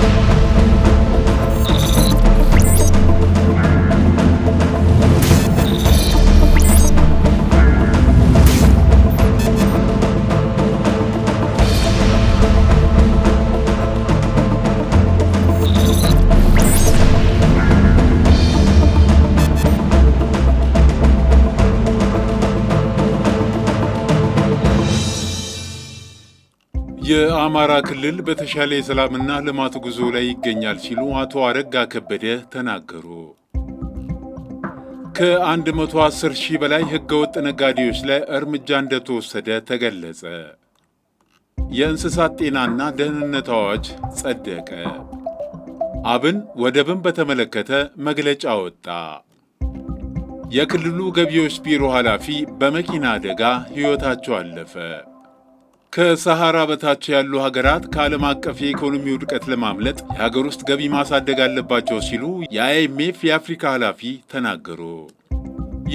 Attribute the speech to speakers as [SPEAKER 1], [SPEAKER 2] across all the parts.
[SPEAKER 1] Thank you. የአማራ ክልል በተሻለ የሰላምና ልማት ጉዞ ላይ ይገኛል ሲሉ አቶ አረጋ ከበደ ተናገሩ። ከ110 ሺህ በላይ ህገወጥ ነጋዴዎች ላይ እርምጃ እንደተወሰደ ተገለጸ። የእንስሳት ጤናና ደህንነት አዋጅ ጸደቀ። አብን ወደብን በተመለከተ መግለጫ ወጣ። የክልሉ ገቢዎች ቢሮ ኃላፊ በመኪና አደጋ ሕይወታቸው አለፈ። ከሰሃራ በታች ያሉ ሀገራት ከዓለም አቀፍ የኢኮኖሚ ውድቀት ለማምለጥ የሀገር ውስጥ ገቢ ማሳደግ አለባቸው ሲሉ የአይኤምኤፍ የአፍሪካ ኃላፊ ተናገሩ።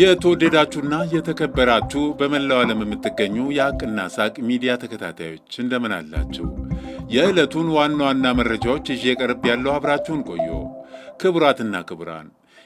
[SPEAKER 1] የተወደዳችሁና የተከበራችሁ በመላው ዓለም የምትገኙ የአቅና ሳቅ ሚዲያ ተከታታዮች እንደምን አላችሁ? የዕለቱን ዋና ዋና መረጃዎች ይዤ ቀርብ ያለው አብራችሁን ቆዩ። ክቡራትና ክቡራን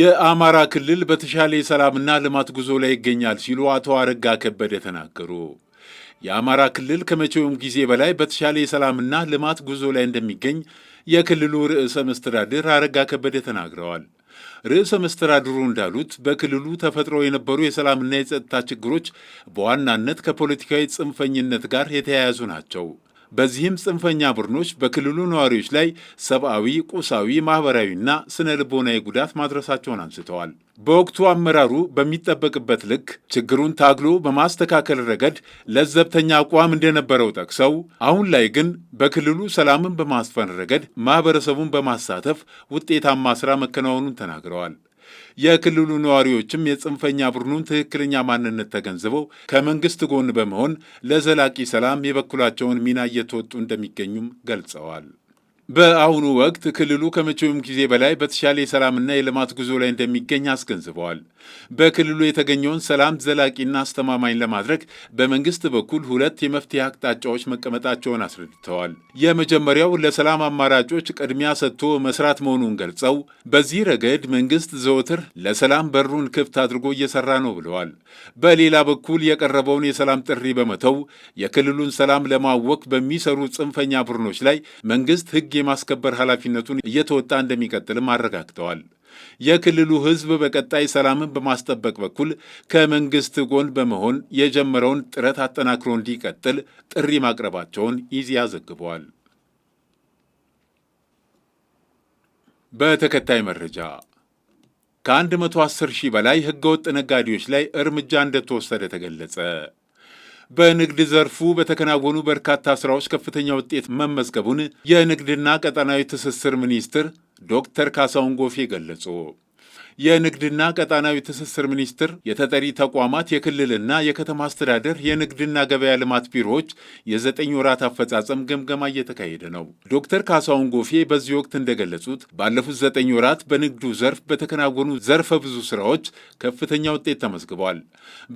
[SPEAKER 1] የአማራ ክልል በተሻለ የሰላምና ልማት ጉዞ ላይ ይገኛል ሲሉ አቶ አረጋ ከበደ ተናገሩ። የአማራ ክልል ከመቼውም ጊዜ በላይ በተሻለ የሰላምና ልማት ጉዞ ላይ እንደሚገኝ የክልሉ ርዕሰ መስተዳድር አረጋ ከበደ ተናግረዋል። ርዕሰ መስተዳድሩ እንዳሉት በክልሉ ተፈጥሮ የነበሩ የሰላምና የጸጥታ ችግሮች በዋናነት ከፖለቲካዊ ጽንፈኝነት ጋር የተያያዙ ናቸው። በዚህም ጽንፈኛ ቡድኖች በክልሉ ነዋሪዎች ላይ ሰብአዊ፣ ቁሳዊ፣ ማኅበራዊና ስነ ልቦናዊ ጉዳት ማድረሳቸውን አንስተዋል። በወቅቱ አመራሩ በሚጠበቅበት ልክ ችግሩን ታግሎ በማስተካከል ረገድ ለዘብተኛ አቋም እንደነበረው ጠቅሰው አሁን ላይ ግን በክልሉ ሰላምን በማስፈን ረገድ ማኅበረሰቡን በማሳተፍ ውጤታማ ሥራ መከናወኑን ተናግረዋል። የክልሉ ነዋሪዎችም የጽንፈኛ ቡድኑን ትክክለኛ ማንነት ተገንዝበው ከመንግስት ጎን በመሆን ለዘላቂ ሰላም የበኩላቸውን ሚና እየተወጡ እንደሚገኙም ገልጸዋል። በአሁኑ ወቅት ክልሉ ከመቼውም ጊዜ በላይ በተሻለ የሰላምና የልማት ጉዞ ላይ እንደሚገኝ አስገንዝበዋል። በክልሉ የተገኘውን ሰላም ዘላቂና አስተማማኝ ለማድረግ በመንግስት በኩል ሁለት የመፍትሄ አቅጣጫዎች መቀመጣቸውን አስረድተዋል። የመጀመሪያው ለሰላም አማራጮች ቅድሚያ ሰጥቶ መስራት መሆኑን ገልጸው በዚህ ረገድ መንግስት ዘወትር ለሰላም በሩን ክፍት አድርጎ እየሰራ ነው ብለዋል። በሌላ በኩል የቀረበውን የሰላም ጥሪ በመተው የክልሉን ሰላም ለማወክ በሚሰሩ ጽንፈኛ ቡድኖች ላይ መንግስት ህግ ሕግ የማስከበር ኃላፊነቱን እየተወጣ እንደሚቀጥልም አረጋግጠዋል። የክልሉ ሕዝብ በቀጣይ ሰላምን በማስጠበቅ በኩል ከመንግስት ጎን በመሆን የጀመረውን ጥረት አጠናክሮ እንዲቀጥል ጥሪ ማቅረባቸውን ኢዜአ ዘግበዋል። በተከታይ መረጃ ከ110 ሺህ በላይ ሕገወጥ ነጋዴዎች ላይ እርምጃ እንደተወሰደ ተገለጸ። በንግድ ዘርፉ በተከናወኑ በርካታ ስራዎች ከፍተኛ ውጤት መመዝገቡን የንግድና ቀጠናዊ ትስስር ሚኒስትር ዶክተር ካሳሁን ጎፌ ገለጹ። የንግድና ቀጣናዊ ትስስር ሚኒስቴር የተጠሪ ተቋማት የክልልና የከተማ አስተዳደር የንግድና ገበያ ልማት ቢሮዎች የዘጠኝ ወራት አፈጻጸም ገምገማ እየተካሄደ ነው። ዶክተር ካሳሁን ጎፌ በዚህ ወቅት እንደገለጹት ባለፉት ዘጠኝ ወራት በንግዱ ዘርፍ በተከናወኑ ዘርፈ ብዙ ስራዎች ከፍተኛ ውጤት ተመዝግቧል።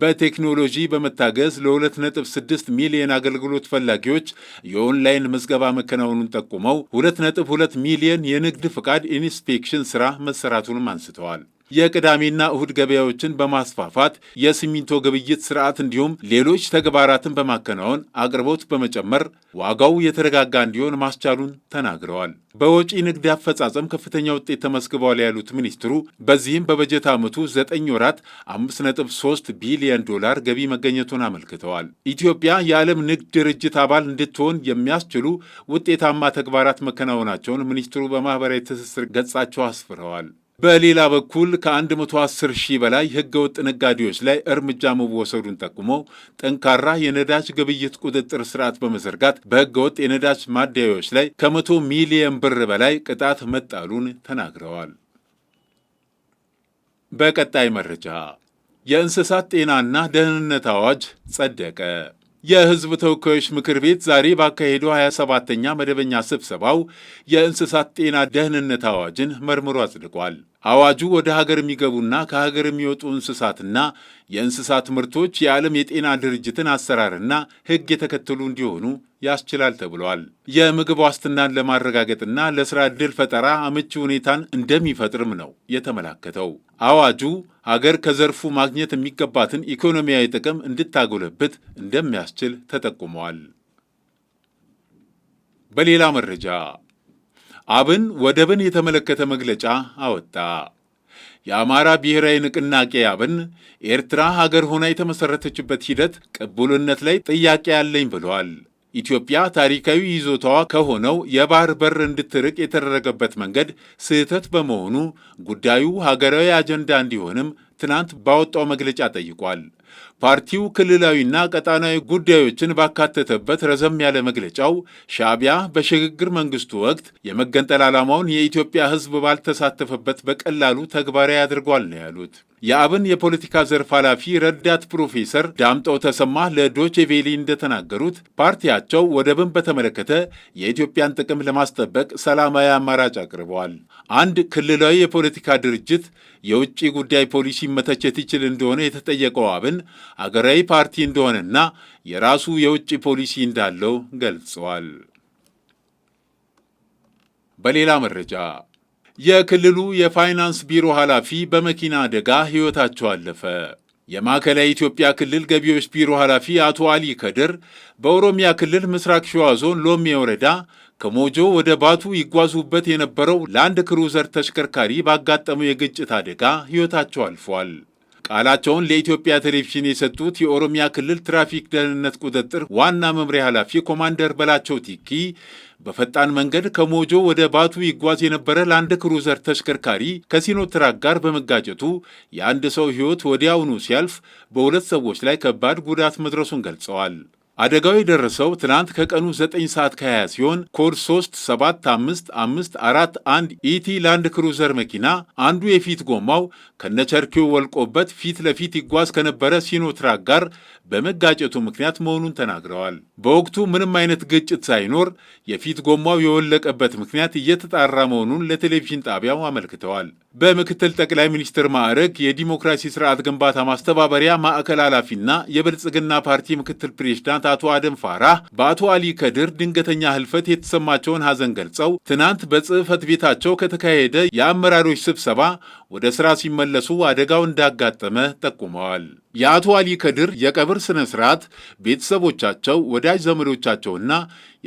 [SPEAKER 1] በቴክኖሎጂ በመታገዝ ለ2.6 ሚሊዮን አገልግሎት ፈላጊዎች የኦንላይን ምዝገባ መከናወኑን ጠቁመው 2.2 ሚሊዮን የንግድ ፍቃድ ኢንስፔክሽን ስራ መሰራቱንም አንስተዋል። የቅዳሜና እሁድ ገበያዎችን በማስፋፋት የሲሚንቶ ግብይት ስርዓት እንዲሁም ሌሎች ተግባራትን በማከናወን አቅርቦት በመጨመር ዋጋው የተረጋጋ እንዲሆን ማስቻሉን ተናግረዋል። በወጪ ንግድ አፈጻጸም ከፍተኛ ውጤት ተመስግበዋል ያሉት ሚኒስትሩ በዚህም በበጀት ዓመቱ 9 ወራት 5.3 ቢሊዮን ዶላር ገቢ መገኘቱን አመልክተዋል። ኢትዮጵያ የዓለም ንግድ ድርጅት አባል እንድትሆን የሚያስችሉ ውጤታማ ተግባራት መከናወናቸውን ሚኒስትሩ በማኅበራዊ ትስስር ገጻቸው አስፍረዋል። በሌላ በኩል ከ110 ሺህ በላይ ህገወጥ ነጋዴዎች ላይ እርምጃ መወሰዱን ጠቁሞ ጠንካራ የነዳጅ ግብይት ቁጥጥር ስርዓት በመዘርጋት በህገወጥ የነዳጅ ማደያዎች ላይ ከመቶ ሚሊየን ብር በላይ ቅጣት መጣሉን ተናግረዋል። በቀጣይ መረጃ የእንስሳት ጤናና ደህንነት አዋጅ ጸደቀ። የህዝብ ተወካዮች ምክር ቤት ዛሬ ባካሄዱ 27 ተኛ መደበኛ ስብሰባው የእንስሳት ጤና ደህንነት አዋጅን መርምሮ አጽድቋል። አዋጁ ወደ ሀገር የሚገቡና ከሀገር የሚወጡ እንስሳትና የእንስሳት ምርቶች የዓለም የጤና ድርጅትን አሰራርና ሕግ የተከተሉ እንዲሆኑ ያስችላል ተብለዋል። የምግብ ዋስትናን ለማረጋገጥና ለስራ ዕድል ፈጠራ አመቺ ሁኔታን እንደሚፈጥርም ነው የተመላከተው። አዋጁ ሀገር ከዘርፉ ማግኘት የሚገባትን ኢኮኖሚያዊ ጥቅም እንድታጎለብት እንደሚያስችል ተጠቁመዋል። በሌላ መረጃ አብን ወደብን የተመለከተ መግለጫ አወጣ። የአማራ ብሔራዊ ንቅናቄ አብን ኤርትራ ሀገር ሆና የተመሠረተችበት ሂደት ቅቡልነት ላይ ጥያቄ ያለኝ ብሏል። ኢትዮጵያ ታሪካዊ ይዞታዋ ከሆነው የባህር በር እንድትርቅ የተደረገበት መንገድ ስህተት በመሆኑ ጉዳዩ ሀገራዊ አጀንዳ እንዲሆንም ትናንት ባወጣው መግለጫ ጠይቋል። ፓርቲው ክልላዊና ቀጣናዊ ጉዳዮችን ባካተተበት ረዘም ያለ መግለጫው ሻዕቢያ በሽግግር መንግስቱ ወቅት የመገንጠል ዓላማውን የኢትዮጵያ ሕዝብ ባልተሳተፈበት በቀላሉ ተግባራዊ አድርጓል ነው ያሉት። የአብን የፖለቲካ ዘርፍ ኃላፊ ረዳት ፕሮፌሰር ዳምጠው ተሰማ ለዶቼ ቬሊ እንደተናገሩት ፓርቲያቸው ወደብን በተመለከተ የኢትዮጵያን ጥቅም ለማስጠበቅ ሰላማዊ አማራጭ አቅርበዋል። አንድ ክልላዊ የፖለቲካ ድርጅት የውጭ ጉዳይ ፖሊሲ መተቸት ይችል እንደሆነ የተጠየቀው አብን አገራዊ ፓርቲ እንደሆነና የራሱ የውጭ ፖሊሲ እንዳለው ገልጸዋል። በሌላ መረጃ የክልሉ የፋይናንስ ቢሮ ኃላፊ በመኪና አደጋ ሕይወታቸው አለፈ። የማዕከላዊ ኢትዮጵያ ክልል ገቢዎች ቢሮ ኃላፊ አቶ አሊ ከድር በኦሮሚያ ክልል ምስራቅ ሸዋ ዞን ሎሜ ወረዳ ከሞጆ ወደ ባቱ ይጓዙበት የነበረው ላንድ ክሩዘር ተሽከርካሪ ባጋጠመው የግጭት አደጋ ሕይወታቸው አልፏል። ቃላቸውን ለኢትዮጵያ ቴሌቪዥን የሰጡት የኦሮሚያ ክልል ትራፊክ ደህንነት ቁጥጥር ዋና መምሪያ ኃላፊ ኮማንደር በላቸው ቲኪ በፈጣን መንገድ ከሞጆ ወደ ባቱ ይጓዝ የነበረ ላንድ ክሩዘር ተሽከርካሪ ከሲኖትራክ ጋር በመጋጨቱ የአንድ ሰው ሕይወት ወዲያውኑ ሲያልፍ በሁለት ሰዎች ላይ ከባድ ጉዳት መድረሱን ገልጸዋል። አደጋው የደረሰው ትናንት ከቀኑ 9 ሰዓት ከ20 ሲሆን ኮድ 3 7 5 5 4 1 ኢቲ ላንድ ክሩዘር መኪና አንዱ የፊት ጎማው ከነቸርኪው ወልቆበት ፊት ለፊት ይጓዝ ከነበረ ሲኖትራክ ጋር በመጋጨቱ ምክንያት መሆኑን ተናግረዋል። በወቅቱ ምንም አይነት ግጭት ሳይኖር የፊት ጎማው የወለቀበት ምክንያት እየተጣራ መሆኑን ለቴሌቪዥን ጣቢያው አመልክተዋል። በምክትል ጠቅላይ ሚኒስትር ማዕረግ የዲሞክራሲ ስርዓት ግንባታ ማስተባበሪያ ማዕከል ኃላፊና የብልጽግና ፓርቲ ምክትል ፕሬዝዳንት አቶ አደም ፋራህ በአቶ አሊ ከድር ድንገተኛ ህልፈት የተሰማቸውን ሐዘን ገልጸው ትናንት በጽህፈት ቤታቸው ከተካሄደ የአመራሮች ስብሰባ ወደ ሥራ ሲመለሱ አደጋው እንዳጋጠመ ጠቁመዋል። የአቶ አሊ ከድር የቀብር ሥነ ሥርዓት ቤተሰቦቻቸው፣ ወዳጅ ዘመዶቻቸውና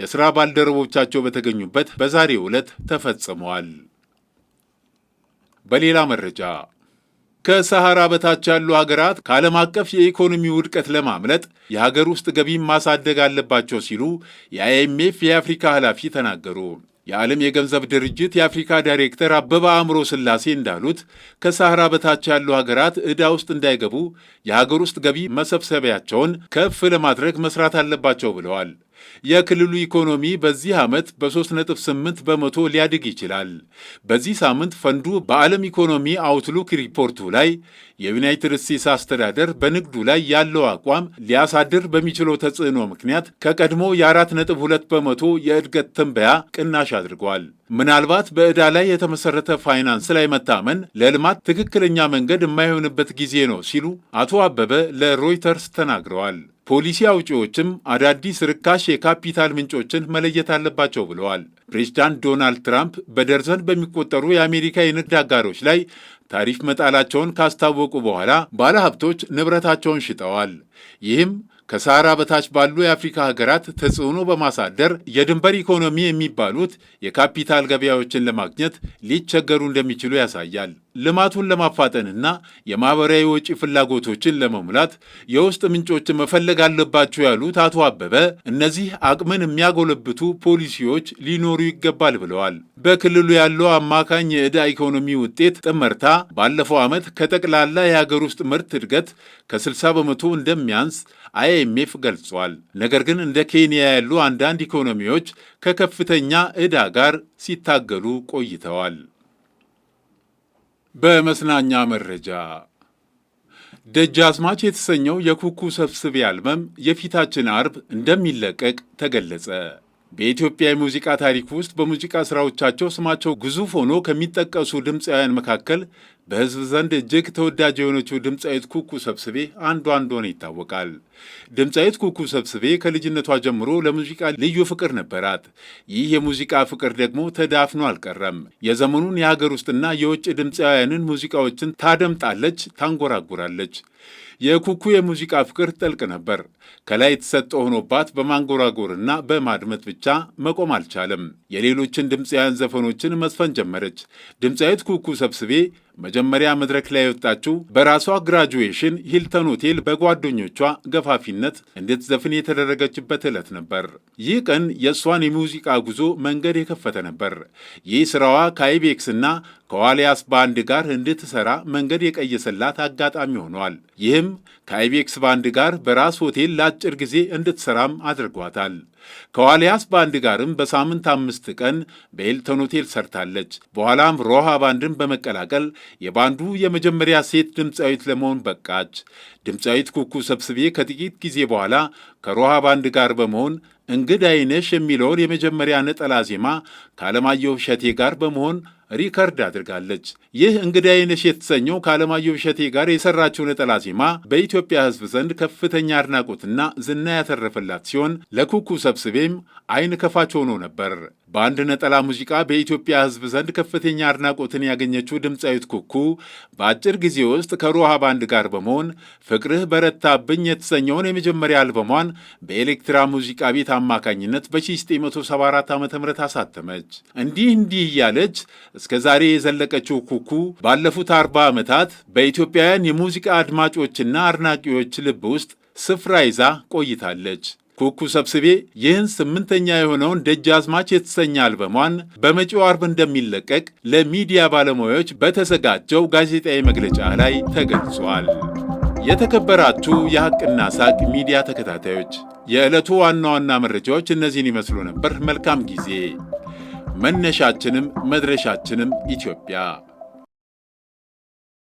[SPEAKER 1] የሥራ ባልደረቦቻቸው በተገኙበት በዛሬ ዕለት ተፈጽመዋል። በሌላ መረጃ ከሰሐራ በታች ያሉ ሀገራት ከዓለም አቀፍ የኢኮኖሚ ውድቀት ለማምለጥ የሀገር ውስጥ ገቢም ማሳደግ አለባቸው ሲሉ የአይኤምኤፍ የአፍሪካ ኃላፊ ተናገሩ። የዓለም የገንዘብ ድርጅት የአፍሪካ ዳይሬክተር አበባ አእምሮ ስላሴ እንዳሉት ከሳህራ በታች ያሉ ሀገራት ዕዳ ውስጥ እንዳይገቡ የሀገር ውስጥ ገቢ መሰብሰቢያቸውን ከፍ ለማድረግ መስራት አለባቸው ብለዋል። የክልሉ ኢኮኖሚ በዚህ ዓመት በ3.8 በመቶ ሊያድግ ይችላል። በዚህ ሳምንት ፈንዱ በዓለም ኢኮኖሚ አውትሉክ ሪፖርቱ ላይ የዩናይትድ ስቴትስ አስተዳደር በንግዱ ላይ ያለው አቋም ሊያሳድር በሚችለው ተጽዕኖ ምክንያት ከቀድሞ የ4.2 በመቶ የእድገት ትንበያ ቅናሽ አድርጓል። ምናልባት በዕዳ ላይ የተመሰረተ ፋይናንስ ላይ መታመን ለልማት ትክክለኛ መንገድ የማይሆንበት ጊዜ ነው ሲሉ አቶ አበበ ለሮይተርስ ተናግረዋል። ፖሊሲ አውጪዎችም አዳዲስ ርካሽ የካፒታል ምንጮችን መለየት አለባቸው ብለዋል። ፕሬዚዳንት ዶናልድ ትራምፕ በደርዘን በሚቆጠሩ የአሜሪካ የንግድ አጋሮች ላይ ታሪፍ መጣላቸውን ካስታወቁ በኋላ ባለሀብቶች ንብረታቸውን ሽጠዋል። ይህም ከሳራ በታች ባሉ የአፍሪካ ሀገራት ተጽዕኖ በማሳደር የድንበር ኢኮኖሚ የሚባሉት የካፒታል ገበያዎችን ለማግኘት ሊቸገሩ እንደሚችሉ ያሳያል። ልማቱን ለማፋጠንና የማኅበራዊ ወጪ ፍላጎቶችን ለመሙላት የውስጥ ምንጮችን መፈለግ አለባቸው ያሉት አቶ አበበ እነዚህ አቅምን የሚያጎለብቱ ፖሊሲዎች ሊኖሩ ይገባል ብለዋል። በክልሉ ያለው አማካኝ የዕዳ ኢኮኖሚ ውጤት ጥመርታ ባለፈው ዓመት ከጠቅላላ የሀገር ውስጥ ምርት እድገት ከ60 በመቶ እንደሚያንስ አይኤምኤፍ ገልጿል። ነገር ግን እንደ ኬንያ ያሉ አንዳንድ ኢኮኖሚዎች ከከፍተኛ ዕዳ ጋር ሲታገሉ ቆይተዋል። በመዝናኛ መረጃ ደጃዝማች የተሰኘው የኩኩ ሰብስቤ አልበም የፊታችን አርብ እንደሚለቀቅ ተገለጸ። በኢትዮጵያ የሙዚቃ ታሪክ ውስጥ በሙዚቃ ስራዎቻቸው ስማቸው ግዙፍ ሆኖ ከሚጠቀሱ ድምፃውያን መካከል በሕዝብ ዘንድ እጅግ ተወዳጅ የሆነችው ድምፃዊት ኩኩ ሰብስቤ አንዷ እንደሆነ ይታወቃል። ድምፃዊት ኩኩ ሰብስቤ ከልጅነቷ ጀምሮ ለሙዚቃ ልዩ ፍቅር ነበራት። ይህ የሙዚቃ ፍቅር ደግሞ ተዳፍኖ አልቀረም። የዘመኑን የሀገር ውስጥና የውጭ ድምፃውያንን ሙዚቃዎችን ታደምጣለች፣ ታንጎራጉራለች። የኩኩ የሙዚቃ ፍቅር ጥልቅ ነበር። ከላይ የተሰጠ ሆኖባት በማንጎራጎርና በማድመጥ ብቻ መቆም አልቻለም። የሌሎችን ድምፃውያን ዘፈኖችን መዝፈን ጀመረች። ድምፃዊት ኩኩ ሰብስቤ መጀመሪያ መድረክ ላይ የወጣችው በራሷ ግራጁዌሽን ሂልተን ሆቴል በጓደኞቿ ገፋፊነት እንድትዘፍን የተደረገችበት ዕለት ነበር። ይህ ቀን የእሷን የሙዚቃ ጉዞ መንገድ የከፈተ ነበር። ይህ ስራዋ ከአይቤክስና ከዋልያስ ባንድ ጋር እንድትሰራ መንገድ የቀየሰላት አጋጣሚ ሆኗል። ይህም ከአይቤክስ ባንድ ጋር በራስ ሆቴል ለአጭር ጊዜ እንድትሰራም አድርጓታል። ከዋልያስ ባንድ ጋርም በሳምንት አምስት ቀን በኤልተን ሆቴል ሰርታለች። በኋላም ሮሃ ባንድን በመቀላቀል የባንዱ የመጀመሪያ ሴት ድምፃዊት ለመሆን በቃች። ድምፃዊት ኩኩ ሰብስቤ ከጥቂት ጊዜ በኋላ ከሮሃ ባንድ ጋር በመሆን እንግዳይነሽ የሚለውን የመጀመሪያ ነጠላ ዜማ ከአለማየሁ እሸቴ ጋር በመሆን ሪከርድ አድርጋለች። ይህ እንግዳይነሽ የተሰኘው ከዓለማየሁ እሸቴ ጋር የሰራችው ነጠላ ዜማ በኢትዮጵያ ሕዝብ ዘንድ ከፍተኛ አድናቆትና ዝና ያተረፈላት ሲሆን ለኩኩ ሰብስቤም አይን ከፋች ሆኖ ነበር። በአንድ ነጠላ ሙዚቃ በኢትዮጵያ ሕዝብ ዘንድ ከፍተኛ አድናቆትን ያገኘችው ድምፃዊት ኩኩ በአጭር ጊዜ ውስጥ ከሮሃ ባንድ ጋር በመሆን ፍቅርህ በረታብኝ የተሰኘውን የመጀመሪያ አልበሟን በኤሌክትራ ሙዚቃ ቤት አማካኝነት በ1974 ዓ ም አሳተመች። እንዲህ እንዲህ እያለች እስከ ዛሬ የዘለቀችው ኩኩ ባለፉት 40 ዓመታት በኢትዮጵያውያን የሙዚቃ አድማጮችና አድናቂዎች ልብ ውስጥ ስፍራ ይዛ ቆይታለች። ኩኩ ሰብስቤ ይህን ስምንተኛ የሆነውን ደጃዝማች የተሰኘ አልበሟን በመጪው አርብ እንደሚለቀቅ ለሚዲያ ባለሙያዎች በተዘጋጀው ጋዜጣዊ መግለጫ ላይ ተገልጿል። የተከበራችሁ የሐቅና ሳቅ ሚዲያ ተከታታዮች የዕለቱ ዋና ዋና መረጃዎች እነዚህን ይመስሉ ነበር። መልካም ጊዜ። መነሻችንም መድረሻችንም ኢትዮጵያ።